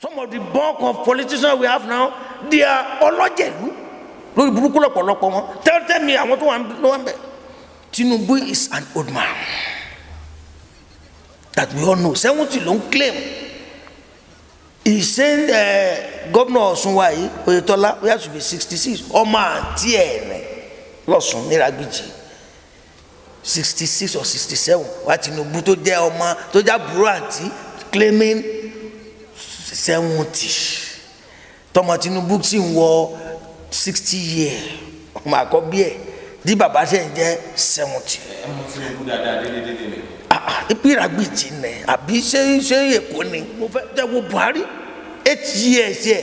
some of the bulk of politicians we have now they are ọlọ́jẹ̀lú lórí burúkú lọ́pọ̀lọpọ̀ wọn tell tell me àwọn tó wà ń bẹ̀ Tinubu is an old man that we all know seventy ló ń claim he say uh, gómìnà Ọ̀ṣun wa Oyetola we have to be sixty six ọmọ àǹtí ẹ̀ rẹ̀ lọ́sùn níràgbìjì sixty six or sixty seven wa Tinubu tó jẹ́ ọmọ tó jẹ́ àbúrò àǹtí claiming seventy tọmọ Tinubu sì ń wọ sixty year ọmọ àkọ́bí ẹ̀ di baba ṣe ń jẹ́ seventy. ẹmu tí o kú dáadáa dédédédé ni. ìpìràgbì ah, ah, ti nẹ àbí ṣé ṣé èkó ni mo fẹ́ tẹ wo Buhari eight years ẹ̀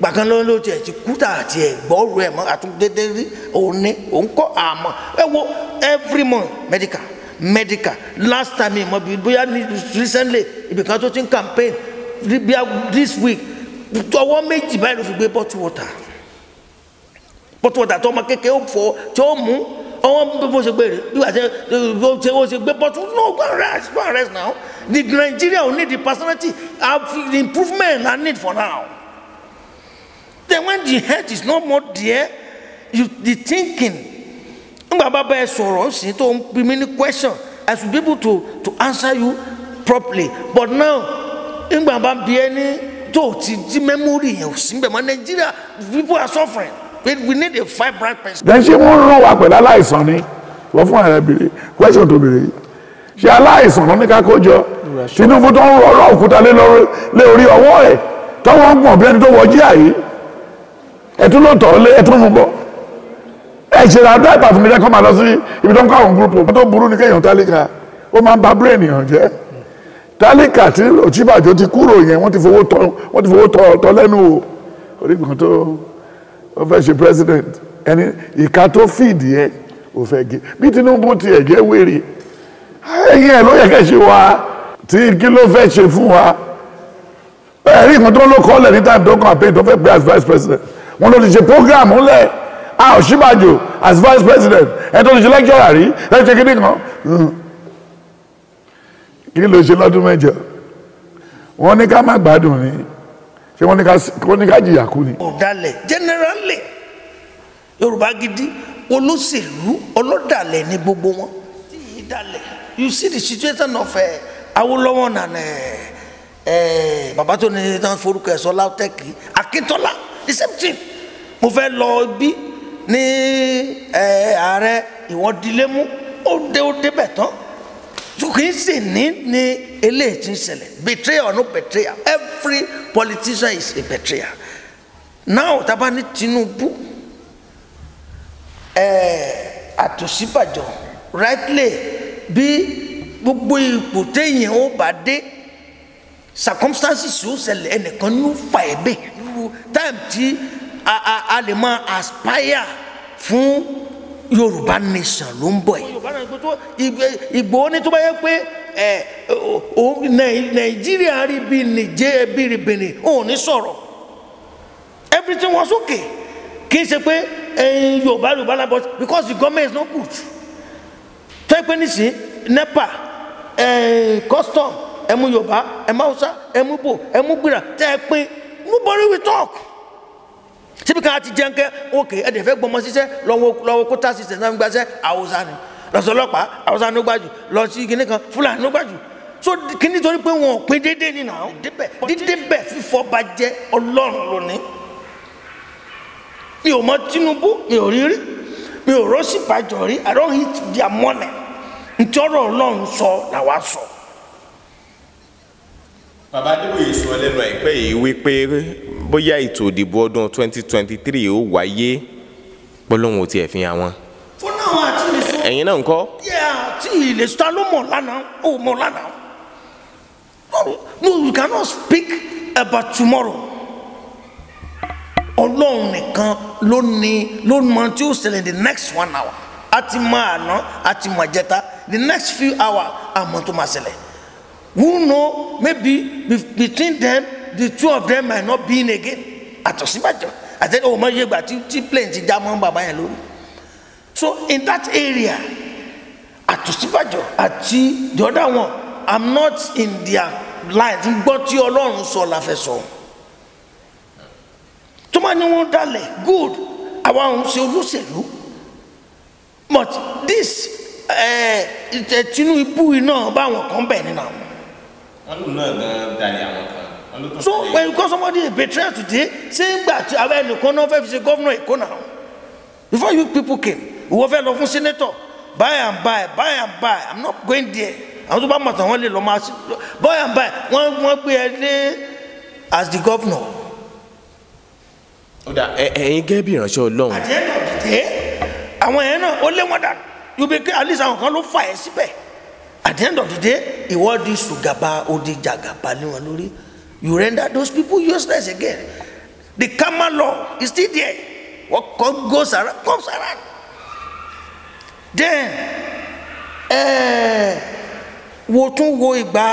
gbàkan ló ló tiẹ̀ ti kúta àti ẹ̀ gbọ́rù ẹ̀ mọ́ àtúndédé rí òun ní òun kọ́ àmọ́ ẹ wo every month medical medical last time ìmọ̀ bíi bóyá recently ibìkan tó ti ń campaign this week ọwọ́ méjì báyìí ló fi gbé bottle water bottle water tó ọmọ kékeré ó fọ tí ó mú ọwọ́ bó ṣe gbé rè bí wàá ṣe ó ṣe gbé bottle no go rest go rest now the Nigeria will need the personality and uh, the improvement I need for now then when the head is no more there you the thinking nígbà bá bẹ́ẹ̀ sọ̀rọ̀ sí tó ń bí mi ní question I should be able to to answer you properly but now ńgbà bá ń bi ẹni tó ti di mẹ́mórì yẹn ò sí bẹ̀ mọ́ nàìjíríà people are suffering we need a five bright person. then ṣé wọ́n rán wa pẹ̀lú aláìsàn ni wọ́n fún ààrẹ bèrè question tó bèrè ṣé aláìsàn ló ní ká kó jọ Tinubu tó ń rọ òkúta lé orí ọwọ́ ẹ̀ tọ́wọ́ ń gbọ̀n bí ẹni tó wọ jí àyè ẹ̀tún ló tọ̀ lé ẹ̀tún mú bọ̀ ẹ̀ ṣe ra dáìpà fún mi lẹ́kọ̀ọ́ máa lọ sí ibi tó ń kọ́ àwọn gúrúpù tó burú ní kéèyàn tálíkà ó máa ń ba bírèèni hàn jẹ́ tálíkà tí òṣìbàjò ti kúrò yẹn wọ́n ti fowó tọ́ wọ́n ti fowó tọ́ lẹ́nu o orígun tó ó fẹ́ ṣe president ẹni ìka tó fìdí ẹ̀ ò fẹ́ gé bí Tinubu ti ẹ̀ jẹ́ wèrè ẹ̀yìn ẹ̀ ló yẹ kẹ́ ṣe wá tí kí ló fẹ́ ṣe fún wa ẹ̀rí nǹkan tó ló kọ́lẹ̀ ní time tó campaign tó fẹ́ pé as vice president wọn ló ti ṣe program ńlẹ̀ a as vice president ẹ̀ tó ti ṣe lecturer rí ẹ̀ ṣe kíní kan. Hmm kí ló ṣe lọ́dún mẹ́jọ wọ́n ní ká má gbádùn ni ṣé wọ́n ní ká jìyà kú ni. ọ̀dàlẹ̀ generally yorùbá gidi olóṣèlú ọlọ́dàlẹ̀ ni gbogbo wọn tí yìí dalẹ̀ you see the situation of uh, Awolowo na uh, eh, eh, bàbá tó ní tán forúkọ ẹ̀ sọ LAUTECH Akíntọ́lá the same thing mo fẹ́ lọ bí ní ààrẹ ìwọ́n dilé mú ó dé ó débẹ̀ tán so kì í sì ní ní eléyìí ti ń ṣẹlẹ̀ betrayal or no betrayal every politician is a betrayal. now taba ní Tinubu ẹ̀ẹ́ àtòsíbàjọ rightly bí gbogbo ipò téèyàn ó bá dé circumstances ó ṣẹlẹ̀ ẹnìkan ní ó fà ẹ́ bẹ́ẹ̀ time tí a a a lè máa aspire fún yorùbá nation ló ń bọ̀ yìí ìgbòho ní tó bá yẹ pé nàìjíríà rí bí nìjẹ́ bí rí benin òun ní sọ̀rọ̀ everything was okay kì í ṣe pé yorùbá yorùbá la but because the government is not good tó yẹ pé nísìnyí nepa custom ẹmu yorùbá ẹmu hausa ẹmu bo ẹmu gbìrà tẹ́ ẹ pín nobody will talk síbi kan àti jẹ́ńkẹ́ òkè ẹ̀dẹ̀ fẹ́ gbọmọ síṣẹ́ lọ́wọ́ kóta síṣẹ́ náà ń gbaṣẹ́ haúsá ni lọ́sọ̀ ọlọ́pàá haúsá ni ó gbájú lọ sí kinní kan fúlàní ló gbájú so kinní torí pé wọn ò pín déédéé nínú àwọn dídébẹ̀ fífọ́ bá jẹ́ ọlọ́run lónìí mi ò mọ Tinubu mi ò rírí mi ò rọ́ọ̀sì bàjọ́ rí I don't hit their money ntí ọ̀rọ̀ ọlọ́run sọ làwa sọ. So bàbá adébóyè sọ lẹ́nu àìpẹ́ yìí wípé bóyá ètò ìdìbò ọdún twenty twenty three ó wáyé gbólóhùn ò tiẹ̀ fi hàn wọn. fún náà àti lè sọ. ẹ̀yin náà ń kọ́. àti lè sọ ló mọ̀ lánàá ó mọ̀ lánàá. no we cannot speak about tomorrow. ọlọ́run nìkan ló ní ló mọ tí ó ṣẹlẹ̀ the next one hour. a ti mọ àná a ti the next few hours àmọ́ tó máa ṣẹlẹ̀ who know maybe between them the two of them might not be in again àtọ̀síbàjọ́ àti ọmọ yẹn gbà tí plane ti já mọ́ bàbá yẹn lórí so in that area àtọ̀síbàjọ́ ati the other one i'm not in their line ń gbọ́ tí ọlọ́run sọ la fẹ́ sọ tó máa ní wọ́n dalẹ̀ good àwa ń ṣe olóṣèlú but this eh, Tinubu náà báwọn kan bẹ̀ nínú àwọn so when you call somebody a betrayer today saying that àwọn ẹnìkan náà fẹ́ fi ṣe gómìnà èkó náà before you people came ìwọ fẹ́ lọ fún senator buy and buy, buy and buy. i'm not going there àwọn tó bá mọ̀ tán lè lọ máa ṣe by and buy. wọ́n wọ́n gbé ẹ lé as the governor. ó dà ẹ̀yin gẹ́gẹ́ bí ìránṣẹ́ ọlọ́run. àti ẹ̀ náà dìde àwọn ẹ̀ náà ó lé wọn dànù you be at least àwọn kan ló fà ẹ́ síbẹ̀ at the end of the day ìwọ di sùgàbà ó di jàgàbà lé wọn lórí you render those people useless again the karma law is still there what come goes around comes around then eh, wo tún wo ìgbà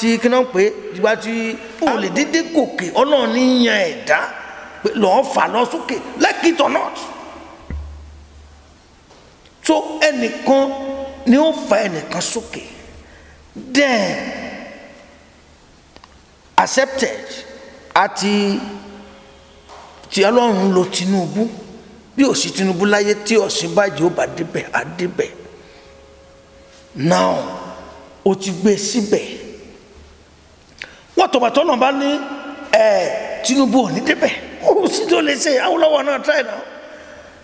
tí kí náà pé ìgbà tí o lè dédé gòkè ọlọ́run ní yan ẹ̀dá pé lọ́ọ́ fà lọ sókè like it or not so ẹnìkan ni ó fa ẹnìkan sókè then accepted àti tí ọlọ́run lo Tinubu bí ò sí Tinubu láyé tí Ọ̀ṣínbàjò bá débẹ̀ á débẹ̀ now ó ti gbé e síbẹ̀ wọ́n tọ̀gbà tọ́nà bá ní Tinubu ò ní débẹ̀ ó sì tó lè ṣe Awólọ́wọ̀ náà try now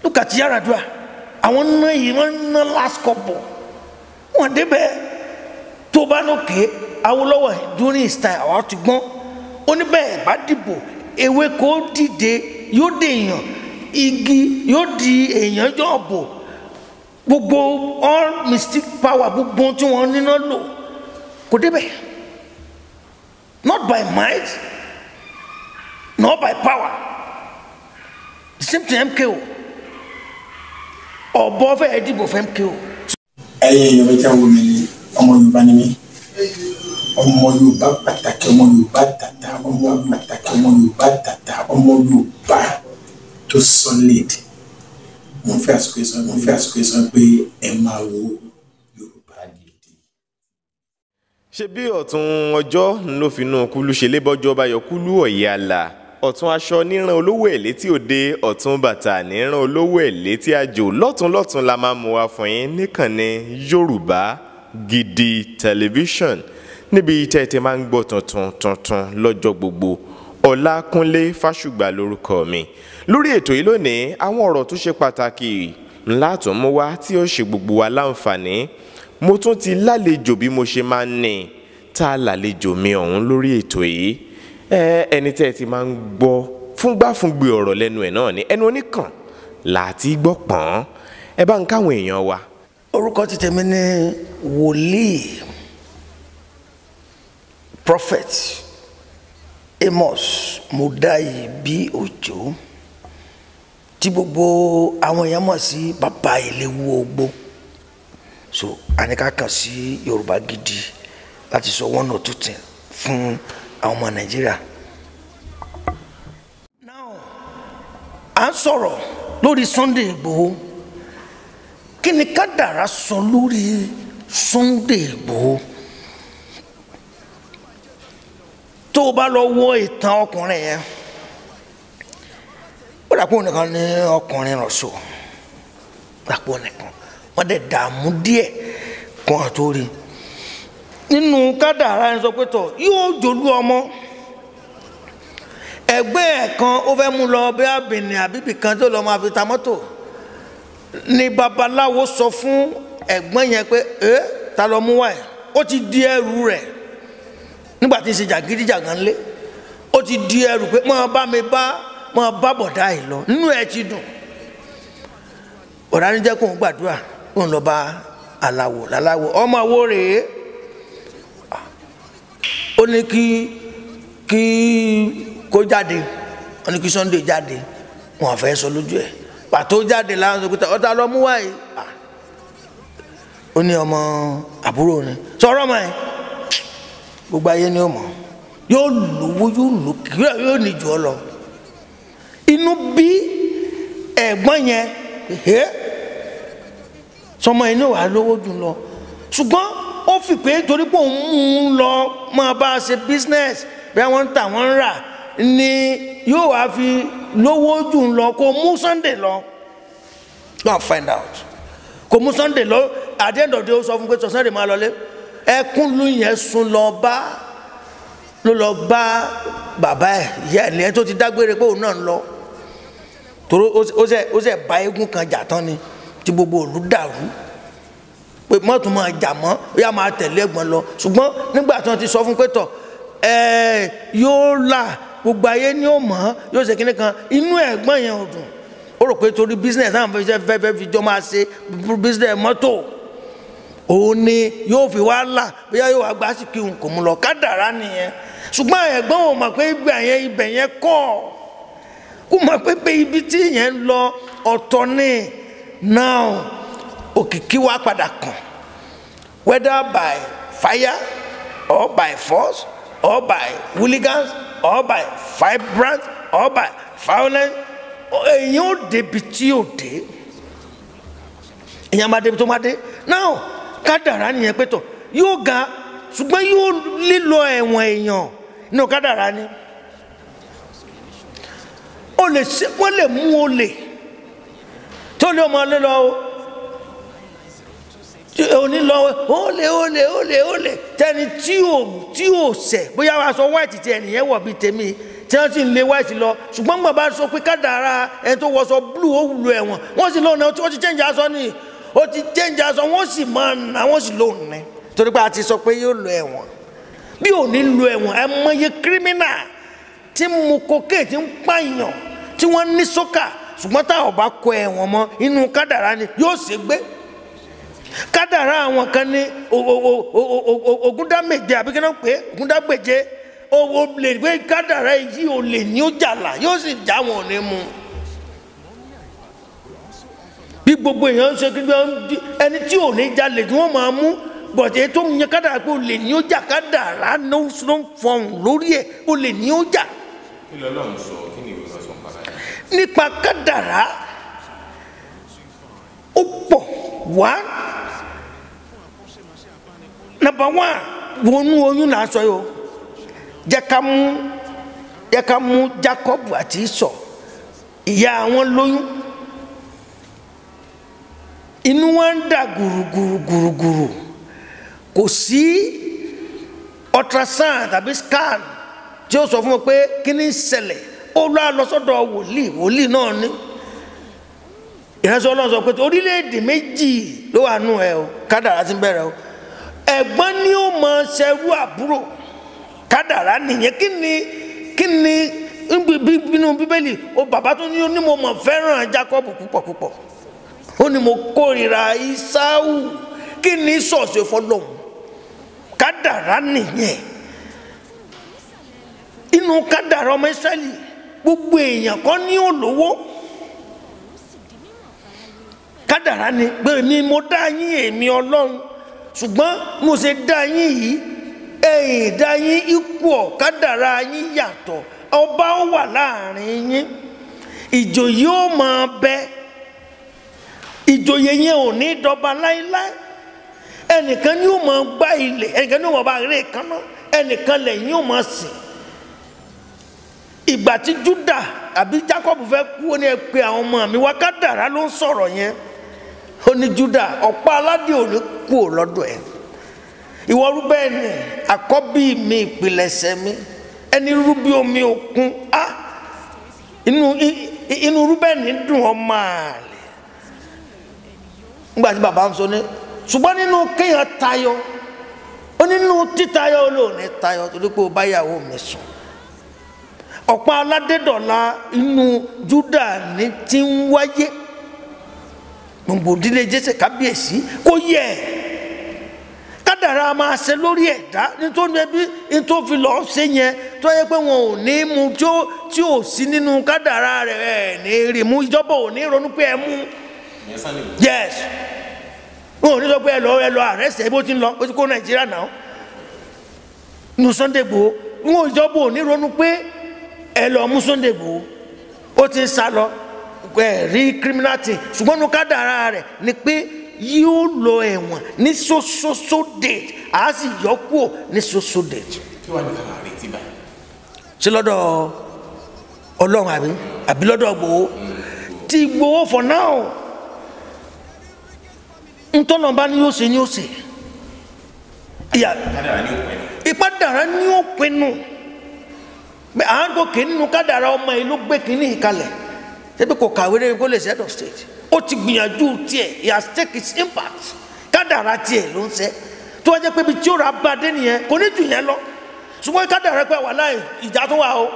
look at Yar'Adua àwọn náà yìí wọ́n ń ná last couple wọ́n débẹ̀ tó bá lókè Awólọ́wọ̀ during his time àwọn ti gbọ́n ó ní bẹ́ẹ̀ bá dìbò ewéko dìde yóò dé èèyàn igi yóò di èèyàn yóò bò gbogbo all mystic power gbogbo tí wọ́n níná lò kò débẹ̀ not by might not by power the same thing MKO ọ̀bọ fẹ́ẹ́ dìbò fẹ́ MKO ẹ̀yin èèyàn mi tẹ́ ń wo mi ni ọmọ Yorùbá ni mí ọmọ Yorùbá pàtàkì ọmọ Yorùbá tàtà ọmọ pàtàkì ọmọ Yorùbá tàtà ọmọ Yorùbá tó solid mo fẹ́ àsìkò ìsọ̀rọ̀ mo fẹ́ àsìkò ìsọ̀rọ̀ pé ẹ máa wo Yorùbá Gidi. ṣé bí ọ̀tún ọjọ́ ló fi inú kúlú ṣe lébọ́jọ́ bá yọ kúlú ọ̀yẹ́ àlà ọ̀tún aṣọ níran olówó ẹ̀ létí òde ọ̀tún bàtà níran olówó ẹ̀ létí àjò lọ́tún lọ́tún la máa mú wa fún yín níkànnì Yorùbá Gidi Television níbi tẹ́ ẹ ti máa ń gbọ́ tuntun tuntun lọ́jọ́ gbogbo Ọlákúnlé Fásùgbà lórúkọ mi lórí ètò yìí lónìí àwọn ọ̀rọ̀ tó ṣe pàtàkì ńlá tó mú wá tí ó ṣe gbogbo wa láǹfààní mo tún ti lálejò bí mo ṣe máa ń ní tá lálejò mi ọ̀hún lórí ètò yìí ẹni tẹ́ ẹ ti máa ń gbọ́ fúngbàfúngbì ọ̀rọ̀ lẹ́nu ẹ̀ náà ni ẹnu oníkàn láti gbọ́ pọ́n ẹ bá ń káwọn èèyàn wa. orúkọ ti tèmi ni wòlíì prophet Amos Mudayi bí òjò tí gbogbo àwọn èèyàn mọ̀ sí bàbá eléwu ogbó so àníkà kàn sí Yorùbá Gidi láti sọ one or two things fún àwọn ọmọ nàìjíríà. now à ń sọ̀rọ̀ lórí Sunday Igboho kí ni kádàrá sọ lórí Sunday Igboho tó o bá lọ wo ìtàn ọkùnrin yẹn ó dàpọ̀ nìkan ní ọkùnrin rọ̀ṣọ̀ dàpọ̀ nìkan wọ́n dẹ̀ dààmú díẹ̀ kan àtórí nínú kádàrá ẹni sọ pé tọ̀ yóò jòlú ọmọ ẹgbẹ́ ẹ̀ kan ó fẹ́ mú lọ bí abìnrin àbíbì kan tó lọ́ọ́ máa fi ta mọ́tò ni babaláwo sọ fún ẹ̀gbọ́n yẹn pé ẹ ta lọ mú wá ẹ̀ ó ti di ẹrù rẹ̀ nígbà tí ń ṣe jàgídíjàgán lé ó ti di ẹrù pé mọ́ bá mi bá mọ́ bá bọ̀dá yìí lọ nínú ẹ̀ ti dùn ọ̀rá ní jẹ́ kóun gbàdúrà kóun lọ bá aláwo làláwo ọmọ àwo rèé ó ní kí kí kó jáde ó ní kí Sunday jáde wọn fẹ́ sọ lójú ẹ̀ pàtó jáde láwọn sọ pé ọ̀tá lọ mú wáyé ó ní ọmọ àbúrò ni sọ̀rọ̀ ọmọ ẹ̀ gbogbo ayé ni ó mọ̀ yóò lówó yóò lò kíkọ́ yóò ní jù ọ lọ inú bí ẹ̀gbọ́n yẹn sọmọ inú wà lówó jù lọ ṣùgbọ́n ó fi pé torí pé òun mú un lọ máa bá a ṣe business bí wọ́n ń tà wọ́n ń rà ni yóò wá fi lówó jù ń lọ kó mú Sunday lọ go and find out kò mú Sunday lọ at the end of the day ó sọ fún pé sọ Sunday máa lọlé ẹkún ló yẹn sun lọ bá ló lọ bá bàbá ẹ ìyá ẹ nìyẹn tó ti dágbére pé òun náà ń lọ toro ó ṣe ó ṣe bá eégún kan jà tán ni tí gbogbo òlu dàrú pé mọ́tò máa jà mọ́ yá máa tẹ̀lé ẹ̀gbọ́n lọ ṣùgbọ́n nígbà tí wọ́n ti sọ fún pé tọ̀ ẹ̀ẹ́ yóò là gbogbo ayé ni ó mọ̀ ọ́ yóò ṣe kíní kan inú ẹ̀gbọ́n yẹn ò dùn ó rò pé torí business náà fẹ́ fẹ́ fẹ́ fi jọ máa ṣe business mọ́tò òun ni yóò fi wá là bóyá yóò wá gbá sí kí n kò mú lọ kádàrá nìyẹn ṣùgbọ́n ẹ̀gbọ́n ò mọ̀ pé ibẹ̀ yẹn ibẹ̀ yẹn kọ́ kó mọ̀ pé ibi tí yẹn lọ ọ̀tọ̀ ni náà òkìkí wa padà kàn whether by fire or by force or by hooligans or by vibrant or by violence èyí ò débi tí ò dé èyí á máa débi tó máa dé now kádàrá nìyẹn pé tọ yóò ga ṣùgbọ́n yóò lílọ ẹ̀wọ̀n èèyàn nínú kádàrá ni olè wọ́n lè mú olè tó lè ọmọ lé lọ o onílọ́wọ́ olè olè olè olè tẹni tí ò tí ò sẹ̀ bóyá wàá sọ white ti ẹnìyẹn wọ̀ bíi tèmi tí wọ́n sì ń lé white lọ ṣùgbọ́n gbọ̀n bá sọ pé kádàrá ẹni tó wọṣọ blue ó wùlò ẹ̀wọ̀n wọ́n sì lóun náà ti change aṣọ ni ó ti change aṣọ wọ́n sì máa nà wọ́n sì lóun torí pé a ti sọ pé yóò lọ ẹ̀wọ̀n bí ò ní lọ ẹ̀wọ̀n ẹ mọye kírímínà tí mu kokéè tí ń pààyàn tí wọ́n ní sókà ṣùgbọ́n táwọn bá kọ ẹ̀wọ̀n mọ́ inú kádàrá ni yóò ṣègbè kádàrá àwọn kan ní ogúndáméje àbí kí wọ́n pè é o lè gbé kádàrá yìí o lè ní o jàlá yóò sì já wọn ní mu bí gbogbo èèyàn ṣe kí ẹni tí ò ní jalè tí wọ́n máa mú bọ̀dé tó ń yan kádàrá pé o lè ní o jà kádàrá lórí ẹ̀ o lè nípa kádàrá number one wọnú oyún là ń sọ yìí o jẹ́ ká mú jẹ́ ká mú Jacob àti Esau ìyá wọn lóyún inú wọn ń dà gùrùgùrùgùrùgùrù kò sí ultrasound tàbí scan tí ó sọ fún wọn pé kí ni ń ṣẹlẹ̀ ó lọ àlọ́sọ́dọ̀ wòlíì wòlíì náà ní ìránṣẹ́ Ọlọ́run sọ pé orílẹ̀-èdè méjì ló wà nù ẹ o kádàrá ti bẹ̀rẹ̀ o ẹ̀gbọ́n ni ó mọ ṣẹrú àbúrò kádàrá nìyẹn kí ni kí ni nínú bíbélì o bàbá tó ní onímọ̀ mọ̀ fẹ́ràn Jacob púpọ̀ púpọ̀ ó ní mo kórìíra kí ni sọ̀ọ̀sì fọlọ́hún kádàrá nìyẹn inú kádàrá ọmọ Ísírẹ́lì gbogbo èèyàn kan ní olówó kádàrá ni mo dá yín ṣùgbọ́n mo ṣe dá yín yìí ẹ̀yìn dá yín ikú ọ̀kadàra yín yàtọ̀ ọba ó wà láàrin yín ìjòyè ó máa bẹ ìjòyè yẹn ò ní dọba láéláé ẹnìkan ni ó máa gbá ilẹ̀ ẹnìkan ni ó máa bá eré kaná ẹnìkan lẹ́yìn ó máa sìn ìgbà tí Júdà àbí Jacob fẹ́ kú ó ní ẹ pé àwọn ọmọ mi wá kádàrá ló ń sọ̀rọ̀ yẹn ó ní juda ọ̀pá aládìí ò ní kú lọ́dọ̀ ẹ̀ ìwọ rúbẹ́ ni àkọ́bí mi mi ẹni rúbí omi òkun á inú inú ni dùn ọmọ àlè nígbà tí bàbá ń sọ ní ṣùgbọ́n nínú kéèyàn tayọ ó nínú títayọ olóòní tayọ torí pé o bá inú juda ni ti ń gbòǹgbò ìdílé jésè kábíyèsí kó yẹ ẹ kádàrá máa ṣe lórí ẹ̀dá nítorí ẹbí nítorí fi lọ́ọ́ ṣe yẹn tó yẹ pé wọn ò ní mu tí ò sí nínú kádàrá rẹ̀ ẹ̀ ní rí mu ìjọba ò ní ronú pé ẹ mú yes wọn ò ní sọ pé ẹ lọ ẹ lọ ààrẹ ṣe bó ti ń lọ bó ti kó nàìjíríà náà nu Sunday Igboho wọn ìjọba ò ní ronú pé ẹ lọ mú Sunday Igboho ó ti ń sá lọ rí criminal ṣùgbọ́n nu rẹ̀ ni pé yóò lọ ẹ̀wọ̀n ní sososo date a sì yọ kúò ní soso date. kí wàá ní kàrà àrètí báyìí. ṣé lọ́dọ̀ ọlọ́run àbí àbí lọ́dọ̀ gbòó ti gbòó for now ntọ́nà bá ní yóò ṣe ní yóò ṣe ìyá ìpàdàrà ní ó pinnu bẹ́ẹ̀ à gbé tẹ́gbẹ́ kò kàwé lórí kó lè of state ó ti gbìyànjú tiẹ̀ he has taken his impact kádàrá tiẹ̀ ló ń ṣe tó wá jẹ́ pé ibi tí ó ra bá dé nìyẹn kò ní jù yẹn lọ ṣùgbọ́n kádàrá pé wà ìjà tó wà o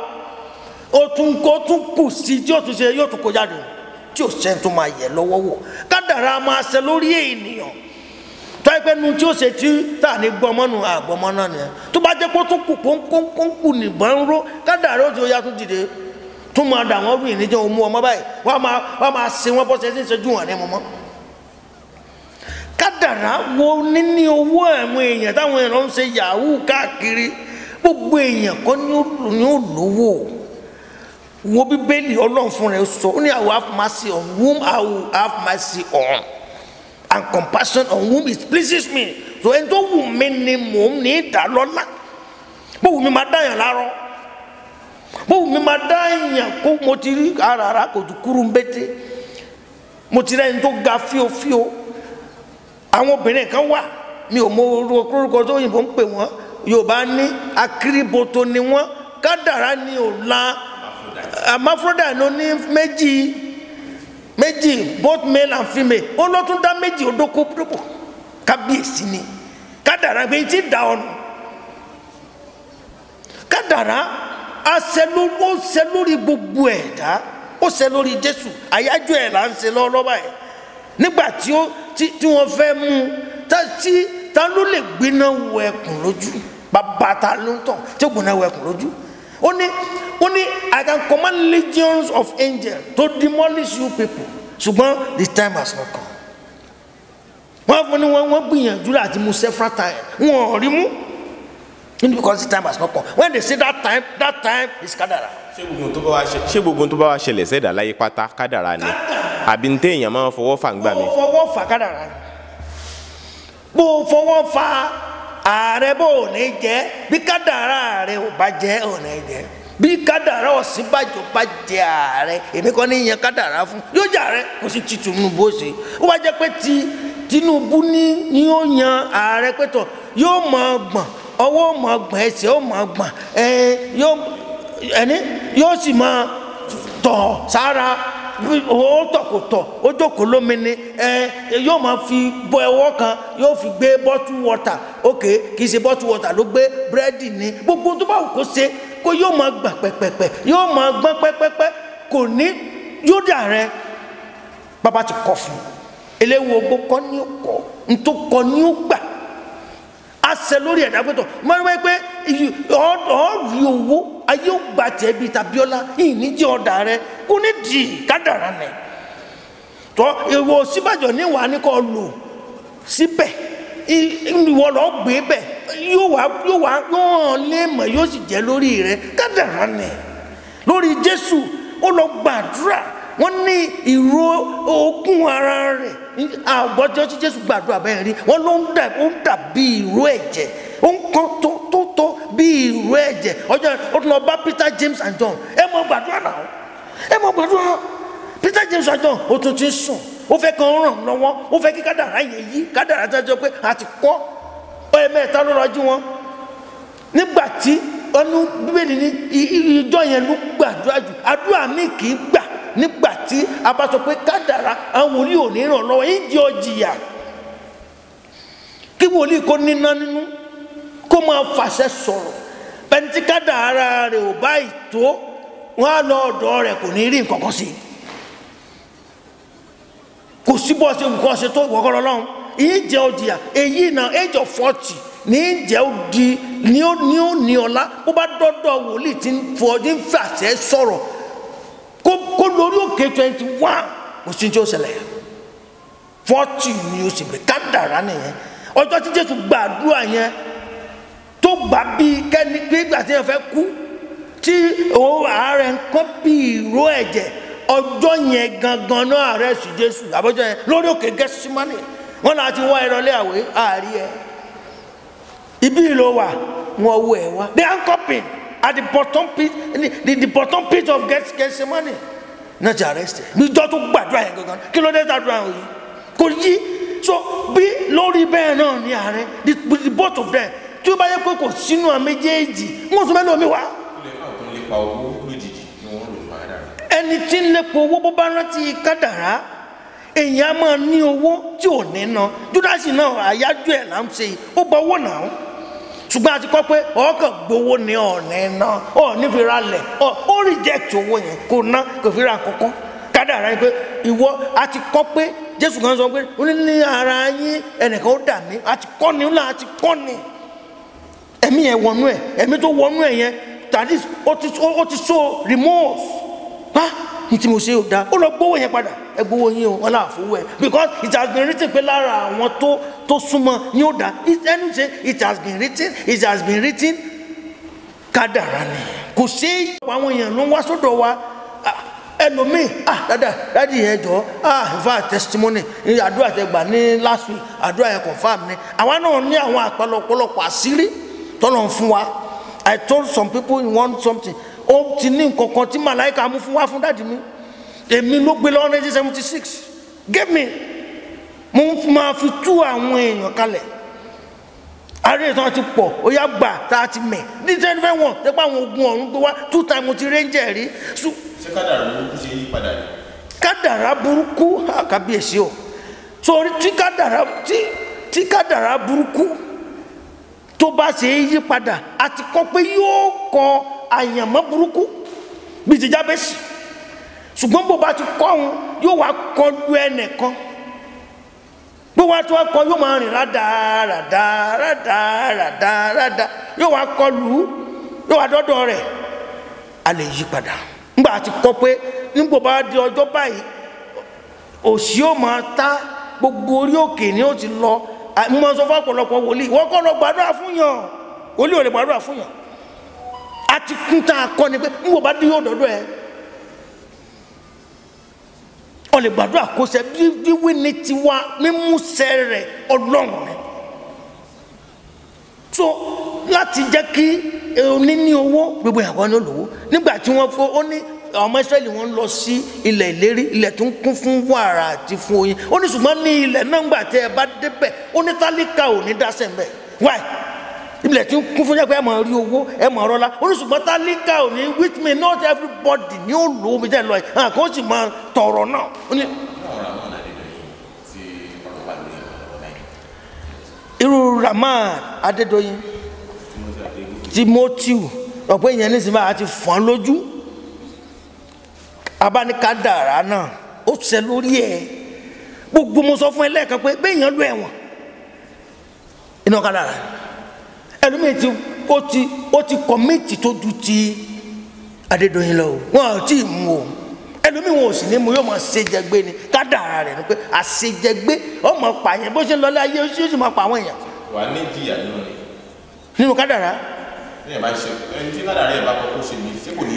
ó tún kó tún kù sí tí ó tún ṣe yóò tún kó jáde tí ò sẹ́ni tó máa yẹ lọ́wọ́ wò kádàrá máa ṣe lórí ènìyàn tó yẹ pé nu tí ó ṣe tí tá à ní gbọmọ́nu àgbọmọ́ náà nìyẹn tó bá jẹ́ pé ó tún kù pọ́npọ́npọ́npù tún máa dà wọ́n rú ìníjẹ́ òun mú ọmọ báyìí wọ́n máa wọ́n máa ṣe wọ́n bọ́sẹ̀ ṣe ń ṣojú hàn ní mọ́mọ́. kádàrá wo níní owó àwọn èèyàn táwọn èèyàn ń ṣe yahoo káàkiri gbogbo èèyàn kọ́ ni ó lówó wo bíbélì ọlọ́run fún rẹ̀ sọ ó ní I will have mercy on whom I will have mercy on and compassion on whom it pleases me so ẹni tó wù mí ni mò ń ní ìdálọ́lá bó wù mí máa dáyàn lárọ́ mo mi ma dá yàn kó mo ti rí arara kò ju kúrú mbété mo ti rẹ́ni tó ga fíofío àwọn obìnrin kan wà mi ò mọ orúkọ tó yìnbó ń pè wọ́n yorùbá ní akíríboto ni wọ́n kádàrá ni ò la amafroda ló ní méjì méjì both male and female ó ló dá méjì odókó kábíyèsí ni kádàrá gbé tí da ọ̀nà kádàrá a ṣe lórí ó ṣe lórí gbogbo ẹ̀dá ó ṣe lórí jésù àyájọ́ ẹ̀ là ń ṣe lọ́wọ́ báyìí nígbà tí ó tí wọ́n fẹ́ mú tí ta ló lè gbiná wọ ẹkùn lójú bàbá ta ló ń tàn tí ó gbiná wọ ẹkùn lójú ó ní ó ní i can command legions of angels to demolish you people ṣùgbọ́n the time has not come wọ́n fún ni wọ́n gbìyànjú láti mú sẹ́fúrátà ẹ̀ wọ́n ò rí mú. Only because the time has not come. When they say that time, that time is kadara. Ṣé gbogbo tó bá wá ṣe ṣé gbogbo tó bá wá ṣẹlẹ̀ sẹ́dà láyé pátá kádàrà ni? Àbí ní téèyàn máa fọwọ́ fà ń gbà mí? Fọwọ́ fà kádàrà ni. Bó o fọwọ́ fà ààrẹ bó ò ní jẹ́ bí kádàrà rẹ ò bá jẹ́ ò ní jẹ́ bí kádàrá Ọ̀sínbàjò bá jẹ ààrẹ èmi kọ́ ní yan kádàrá fún yóò jẹ ààrẹ kò sí ti Tinubu ṣe ó wá jẹ́ pé ti Tinubu ni ó yan ààrẹ pé yóò máa gbọ̀n ọwọ́ ọmọ ọgbà ẹsẹ̀ ọmọ ọgbọ̀n ẹni yóò sì máa tọ̀ sára ó tọkòtọ̀ ó jókòó lómi ni ẹ yóò máa fi bọ ẹwọ́ kan yóò fi gbé bottle wọ́tà ok kì í ṣe water wọ́tà ló gbé búrẹ́dì ni gbogbo tó bá wù kó ṣe kó yóò máa gbà pẹ́pẹ́pẹ́ yóò máa gbọ́n pẹ́pẹ́pẹ́ kò rẹ bàbá ti kọ fún eléwo ogbó kọ́ ni ó ṣe lórí ẹ̀dá pẹ̀tọ̀ mọ́nìwá pé ọ̀ọ́rì owó ayé tabiola ọ̀dà rẹ kú ní dì kádàrà nẹ̀ tọ́ ìwọ síbàjọ́ níwàá ní kò lò síbẹ̀ ìwọ lọ gbé bẹ̀ yóò wá yóò wá yóò lé mọ̀ yóò sì jẹ́ lórí rẹ nẹ̀ ara rẹ̀ àgbọ̀jọ́ tí jésù gbàdúrà bẹ́ẹ̀ rí wọ́n ló ń dà ó ń dà bí ìró ẹ̀jẹ̀ ó ń kán tó tó tó bí ìró ẹ̀jẹ̀ ọjọ́ ó tún lọ bá Peter James and John ẹ mọ gbàdúrà náà ẹ mọ gbàdúrà Peter James and John ó tún ti sùn ó fẹ́ kan ràn lọ́wọ́ ó fẹ́ kí kádàrá yẹ yí kádàrá tó jọ pé àti kọ́ ẹ̀mẹ́ta ló rọjú wọn nígbà tí ọnú bíbélì ní ìjọ yẹn ló gbàdúrà jù àdúrà mi kì í gbà nígbàtí a bá sọ pé kádàrá àwọn ò ní ràn lọ́wọ́ ọjìyà kí wòlíì kó níná nínú kó máa fàṣẹ sọ̀rọ̀ bẹ́ẹ̀ tí kádàrá rẹ̀ ò bá ìtó wọn á lọ ọ̀dọ̀ rẹ̀ kò ní rí nǹkan sí kò síbọ̀ ṣe nǹkan ṣe tó jẹ́ ọjìyà èyí age fọ ní kó lórí òkè twenty one kò sí ní tí ó ṣẹlẹ̀ forty ni ó sì gbé kádàrá nìyẹn ọjọ́ tí jésù gbàdúrà yẹn tó gbà bíi kẹ́ni pé ìgbà tí yẹn fẹ́ kú tí òun ààrẹ nǹkan bí ìró ẹ̀jẹ̀ ọjọ́ yẹn gangan náà ààrẹ sì jésù àbọ̀jọ́ yẹn lórí òkè gẹ́símánì wọn náà ti wá ẹran lé àwé àárí ẹ ibi ìlò wà wọn wọ ẹ wá they are copying at the bottom pit the, the, the bottom pit of Gethsemane. Gets náà ti arrested níjọ́ tó gbàdúrà yẹn gangan kí ló dé tàdúrà yẹn yìí kò yí so bí lórí bẹ́ẹ̀ náà ni ààrẹ the the both of them tí ó bá yẹ pé kò sínú à méjèèjì wọ́n sọ mẹ́lòmí wá. ẹni tí ń lépa owó bó bá rántí kádàrá èèyàn á máa ní owó tí ò ní ná júdásì náà àyájú ẹ̀ là ń ṣe ó gba owó náà ṣùgbọ́n a ti kọ́ pé ọkàn gbowó ni ọ̀nà iná ọ̀ọ́nì fi ra lẹ̀ ó rìjẹ́kì owó yẹn kò ná kò fi ra kankan kádàrá yín pé ìwọ a ti kọ́ pé Jésù kan sọ pé ó ní ní ara yín ẹnìkan ó dà mí a ti kọ́ ni ńlá a ti kọ́ ni ẹ̀mí yẹn wọnú ẹ̀ ẹ̀mí tó wọnú ẹ̀ yẹn tàbí ó ti so remorse. Huh? Ah! ní mo ṣe ò dáa ó lọ gbowó yẹn padà ẹ gbowó yín o wọn là ẹ because it has been written pé lára àwọn tó tó súnmọ́ ni ó dáa ẹnu ṣe it has been written it has been written kádàrá ni kò ṣe é àwọn èèyàn ló ń wá sọ́dọ̀ wa ẹlòmíì ah dada dadi yẹn jọ ah in fact testimony ní àdúrà tẹ gbà ní last week àdúrà yẹn confam ni àwa náà ní àwọn àpẹlọpọlọpọ àṣírí tọ́lọ̀ ń fún wa i told some people he want something ó ti ní nǹkan kan tí màláìka mú fún wá fún dáàdì mi èmi ló gbé lọ́wọ́ nineteen seventy six gẹ́gẹ́ mi mo máa fi tú àwọn èèyàn kalẹ̀ àárẹ̀ ìtàn ti pọ̀ ó yá gbà tá a ti mẹ̀ ní ten fẹ́ wọ̀n tẹ́ pé àwọn ogun ọ̀run gbé wá two time mo ti rẹ́ńjẹ̀ rí. ṣé kádàrá burúkú ṣe yí padà ni. kádàrá burúkú àkàbíyèsí o sórí tí kádàrá tí tí kádàrá burúkú tó bá ṣe é yí padà àti kọ́ pé yóò kọ́ àyànmọ́ burúkú bíi ti jábẹ́sì ṣùgbọ́n bó bá ti kọ́ òun yóò wá kọ́ lu ẹnìkan bó wá tó kọ́ yóò máa rìn rádaràdaràdaràdaràdà yóò wá kọ́ lu, yóò wá dọ́dọ̀ rẹ̀ a lè yí padà nígbà tí kọ́ pé di ọjọ́ báyìí ta gbogbo orí òkè ni ó ti lọ mo sọ fún wòlíì lọ gbàdúrà fún a ti kún a kọ́ ni pé n wò bá dín yóò dọ́dọ́ ẹ ọ̀lẹ̀ gbàdúrà kó sẹ bí wíwí ni tiwa mímúṣẹ rẹ ọlọ́run rẹ so láti jẹ́ kí oníní owó gbogbo àwọn ní olówó nígbà tí wọ́n fọ ó ní àwọn ọmọ Ísírẹ́lì wọn lọ sí ilẹ̀ ìlérí ilẹ̀ tó ń kún fún wàrà àti fún oyin ó ní ṣùgbọ́n ní ilẹ̀ náà gbà tẹ́ ẹ bá débẹ̀ ó ní tálíkà ò ní dá sẹ́ńbẹ̀ wáyé. ilẹ̀ tí ń kún fún yàgbé ẹ̀ rí owó ẹ̀ máa rọ́lá oníṣùgbọ́n tálíkà ò ní with me not everybody ni ó lò ó mi jẹ́ lọ yìí hàn kó sì tọrọ náà. irú Rahman Adédoyin Timothy ọ̀pọ̀ èèyàn nísìnyí báyìí ti fọ́n lójú abánikádàrá náà ó ṣe lórí gbogbo mo sọ fún ẹ lẹ́ẹ̀kan pé bẹ́ẹ̀ ẹlòmíì ti ó ti ó ti kọ́míìtì tó du ti Adédoyin lọ o wọn ò tí ì mú o ẹlòmíì wọn ò sì ní mu yóò máa ṣèjẹgbé ni kádàrá rẹ̀ ni pé àṣejẹgbé ó máa pa yẹn bó ṣe ń lọ láyé ó sì máa pa àwọn èèyàn. wà á ní jìyà nínú rẹ. nínú kádàrá.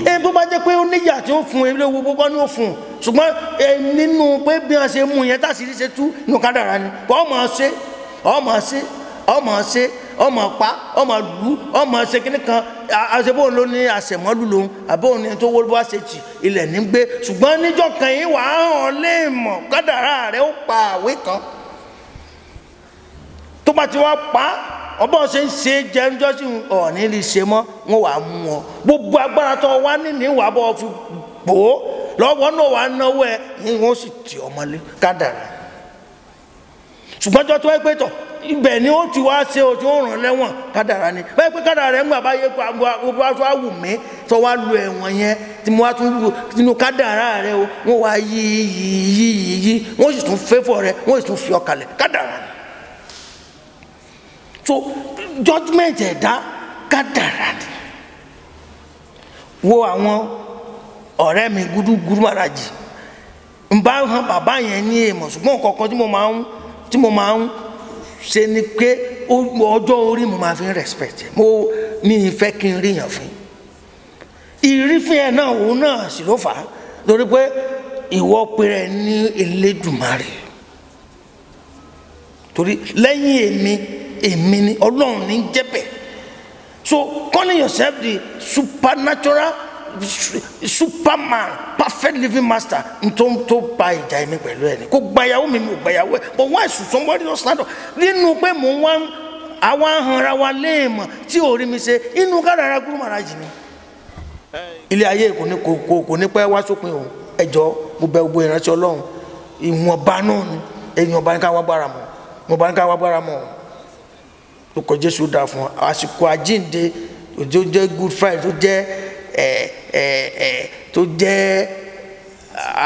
ẹ bó bá jẹ́ pé ó níyà tí ó fún un ilé owó gbogbo ni ó fún un ṣùgbọ́n nínú pé bí wọ́n ṣe mú ni kò ọ́ máa ṣe ọ́ máa ṣe ọ́ máa ṣe ọmọ pa ọmọ lu ọmọ segin kan àṣebóun ló ní àṣemọ́lù lòun àbóun ní tó wọlé wá ṣe tì ilẹ̀ ní gbé ṣùgbọ́n níjọ́ kan yìí wàá hàn lè mọ̀ kádàrá rẹ̀ ó pa àwé kan tó bá ti wá pa ọba ọsẹ ń ṣe jẹunjọ sí ọ̀ọ́ni lè ṣe mọ́ wọn wàá mú wọn gbogbo agbára tó wá nínú ìwà bọ́ fi gbòó lọ́wọ́ náà wàá náwó ẹ̀ ni wọ́n sì tì ọmọlé kádàrá ṣùgbọ́n jọ tó wáyé tọ̀ ibẹ̀ ni ó ti wá ṣe o tí lẹ́wọ̀n kádàrà ni báyìí pé kádàrà rẹ̀ ń gbà báyé gbogbo aṣọ àwù mí tó wá lu ẹ̀wọ̀n yẹn tí mo wá tún lu kadara kádàrà rẹ o wọ́n wá yí yí yí yí yí wọ́n sì tún fẹ́fọ̀ wọ́n sì tún fi ni so judgement ẹ̀dá tí mo máa ń ṣe ni pé ọjọ́ orí mo máa fi ń respect mo mi fẹ́ kí n ríyàn fún ìrífin ẹ̀ náà òun náà sì ló fà á torí pé ìwọ péré ní Elédùmarè torí lẹ́yìn èmi èmi ni Ọlọ́run ní jẹ́bẹ̀ so calling yourself the supernatural superman perfect living master n tó tó ba ìjà mi pẹ̀lú ẹ̀ ni kò gbayàwó mi ò gbayàwó ẹ̀ but why should somebody just stand up nínú pé mò ń wá àwa hanra wa léèmọ̀ tí ò rí mi ṣe inú kádàrá gúrú màrá jì ni ilé ayé kò ní kò kò ní pẹ́ wá sópin o ẹjọ́ mo bẹ gbogbo ìrántí ọlọ́run ìwọ̀nba náà ni ẹ̀yìn ọba ní ká wá gbára mọ́ ọba ní ká wá gbára mọ́ tó kọ jésù dà fún àsìkò àjíǹde tó jẹ́ good friday tó jẹ́ tó jẹ́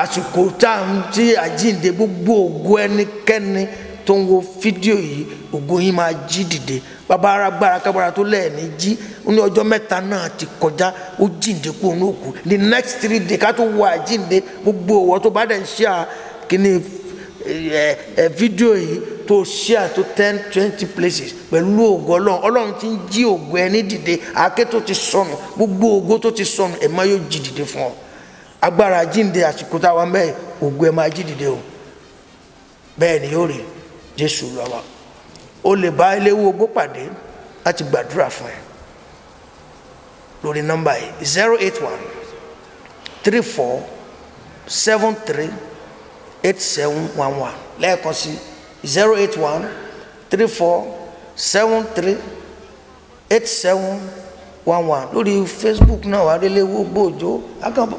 àsìkò táwọn tí àjíǹde gbogbo ògo ẹnikẹ́ni tó ń wo fídíò yìí ògo yìí máa jí dìde bàbá arágbára kábàrà tó lẹ́ẹ̀ni jí ó ní ọjọ́ mẹ́ta náà ti kọjá ó jíǹde kúrò ní òkú the next three days ká tó wo àjíǹde gbogbo òwò tó bá dẹ̀ ń ṣe à To share to ten twenty places pẹ̀lú ògo ọlọ́run ọlọ́run ti ń jí ògo ẹni dìde àáké tó ti sọnù gbogbo ògo tó ti sọnù ẹ̀ máa yóò jí dìde fún ọ agbára jíǹde àsìkò táwa mẹ́ẹ̀ ògo ẹ̀ máa jí dìde o bẹ́ẹ̀ ni yóò rí jésù lọ́wọ́ o lè bá eléwó ogbó pàdé láti gbàdúrà fún ẹ lórí nọ́mbà yìí zero eight one three four seven three eight seven one one lẹ́ẹ̀kan sí i. 081 34 73 8711 lórí Facebook náà wà délé gbogbo òjò akọ́bọ̀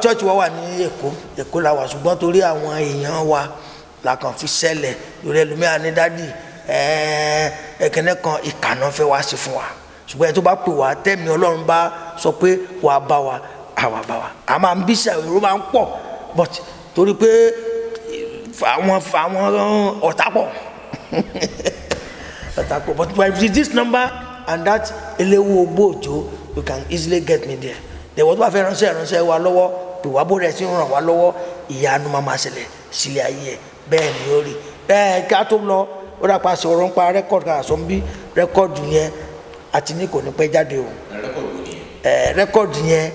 church wa wà ní Èkó Èkó la wà ṣùgbọ́n torí àwọn èèyàn wa la kàn fi ṣẹlẹ̀ lórí ẹlòmíà ní dádì ẹ̀ẹ́dẹ́gbẹ̀rún kan ìkànnà fẹ́ wá sí fún wa ṣùgbọ́n ẹ tó bá pè wá tẹ́mi Ọlọ́run bá sọ pé wà á bá wa àwa bá wa a máa ń bí máa ń pọ̀ but torí pé fà wọ́n fà wọ́n ọ̀tá pọ̀ ọ̀tá pọ̀ but with this number and that eléwu ogbó you can easily get me there the wọ́n tó bá fẹ́ ránṣẹ́ ránṣẹ́ wa lọ́wọ́ pè wá bó rẹ̀ sí ràn wá lọ́wọ́ ìyanu máa máa ṣẹlẹ̀ sílẹ̀ ayé ẹ̀ bẹ́ẹ̀ ni ó rí bẹ́ẹ̀ ká tó lọ ó dà pa sọ̀rọ̀ ń pa rẹ́kọ̀dù kan àsọ̀ ń bí rẹ́kọ̀dù yẹn àti ní kò ní pẹ́ jáde o rẹ́kọ̀dù yẹn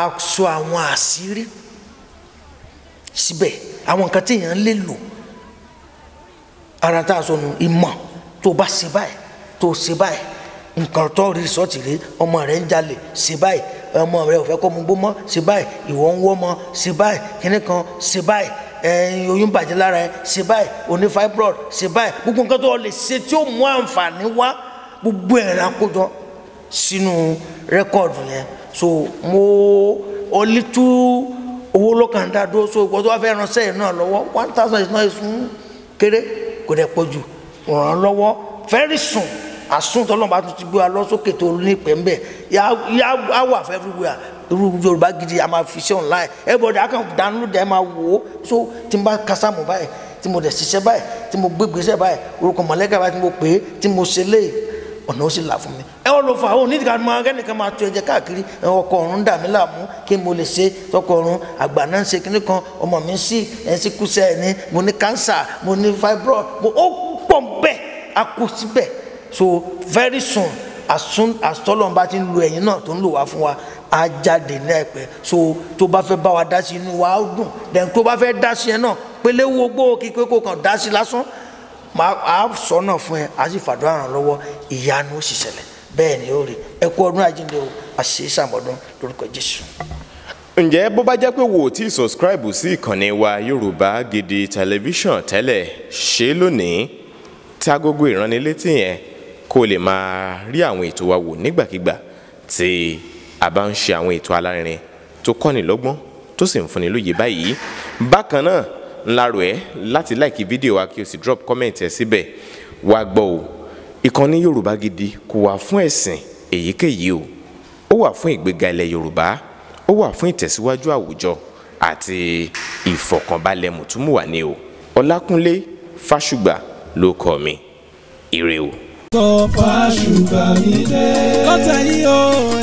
a sọ àwọn àṣírí síbẹ̀ àwọn nǹkan tí èèyàn lè lò ara tá a sọ nu ìmọ̀ tó bá ṣe báyìí tó ṣe báyìí nǹkan tó rí sọ́ọ̀tì rẹ ọmọ rẹ ń jalè ṣe báyìí ọmọ rẹ ò fẹ́ kọ́ mu gbó mọ́ ṣe báyìí ìwọ ń wọ́ mọ́ ṣe báyìí kíní kan ṣe báyìí ẹyin oyún bàjẹ́ lára ẹ ṣe báyìí oní fibroid ṣe báyìí gbogbo nǹkan tó lè ṣe tí ó mú àǹfààní wá gbogbo ẹ̀ la kó sínú rẹ́kọ̀dù yẹn so mo a little owó lọ́kàn dá dúró so ìwọ tó wá fẹ́ ránṣẹ́ yìí náà lọ́wọ́ one thousand is not ìsun kéré kò dẹ̀ pọ̀ jù ràn án lọ́wọ́ very soon àsun tọ́lọ́mù bá tún ti gbé wa lọ sókè tó ní ìpè ń bẹ̀ yá á wà fẹ́ everywhere irú yorùbá gidi a máa fi ṣe online everybody akàn download ẹ máa wò ó so tí n bá kásámù báyìí tí mo dẹ̀ ṣiṣẹ́ báyìí tí mo gbégbèsè báyìí orúkọ mọ̀lẹ́kà báyìí tí mo pè é tí mo ṣe léyìí ọ̀nà ó sì là fún mi ẹ ọ lọ fà ó nídìí ká máa kẹ́nìkan máa tu ẹ̀jẹ̀ káàkiri ọkọ ọ̀run dà mí láàmú kí mo lè ṣe tọkọ ọ̀run àgbà náà ń ṣe kíní kan ọmọ mi ń sí ẹ̀ ń sí kúṣẹ́ ẹ̀ mo ní kánsà mo ní fibroid mo ó pọ̀ bẹ́ẹ̀ a kú síbẹ̀ so very soon as soon as tọ́lọ́n bá ti ń lo ẹ̀yìn náà tó ń lò wá fún wa á jáde ní àìpẹ́ so tó bá fẹ́ bá wa dá sí inú wa á dùn then tó bá fẹ́ dá sí ẹ náà pélé wo gbó kíkó kàn dá sí lásán màá sọnà fún ẹ a sì fàdúrà ràn lọ́wọ́ ìyanu ó sì ṣẹlẹ̀ bẹ́ẹ̀ ni ó rí ẹ kú ọdún àjíǹde o àṣìṣe ìsàmọ̀dún lórúkọ jésù. ǹjẹ́ bó bá jẹ́ pé wò ó tí subscribe sí ìkànnì wa yorùbá gidi tẹlifíṣàn tẹ́lẹ̀ ṣe lónìí tí agogo ìránnilétí yẹn kó lè máa rí àwọn ètò wa wò nígbàkigbà tí a bá ń ṣe àwọn ètò alárinrin tó kọ́ni lọ́gbọ́n tó sì ń fúnni lóye báyìí bákan náà ńlá rẹ̀ láti láìkí fídíò wa kí o sì drop comment ẹ̀ síbẹ̀ wá gbọ́ o ìkànnì Yorùbá Gidi kò wà fún ẹ̀sìn èyíkéyìí o ó wà fún ìgbéga ilẹ̀ Yorùbá ó wà fún ìtẹ̀síwájú àwùjọ àti ìfọ̀kànbalẹ̀ mùtúmùwà ni o Ọlákúnlé Fásùgbà ló kọ mi ire o tó fàṣùgbà mi dé. lọ́tẹ̀ yìí o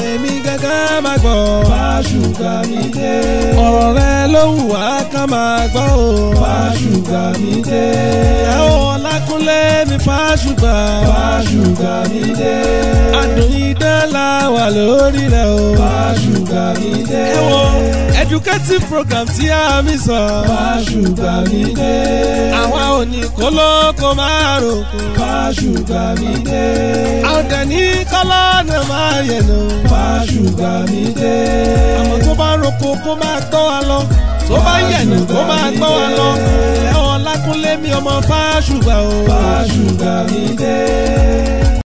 èmi gẹ́gẹ́ máa gbọ́. fàṣùgbà mi dé. ọ̀rọ̀ rẹ ló wù wá ká máa gbọ́ o. fàṣùgbà mi dé. ẹ o. Ọlákúnlé mi Fáṣùgbà. Fáṣùgbà mi dé. Adùn idán la wà lórí rẹ̀ o. Fáṣùgbà mi dé. Ẹ wo educative program tí a mi sọ. Fáṣùgbà mi dé. Àwa ò ní kólókó máa roko. Fáṣùgbà mi dé. Àwọn dẹ̀ ní kọ́lọ́nà máa yẹ̀nà. Fáṣùgbà mi dé. Àmọ́ tó bá roko kó máa tọ́ wa lọ tó bá yẹ̀ ni kó máa gbọ́ wa lọ. Ọlákúnlé mi ọmọ Fáṣùgbà o. Fáṣùgbà mi dé.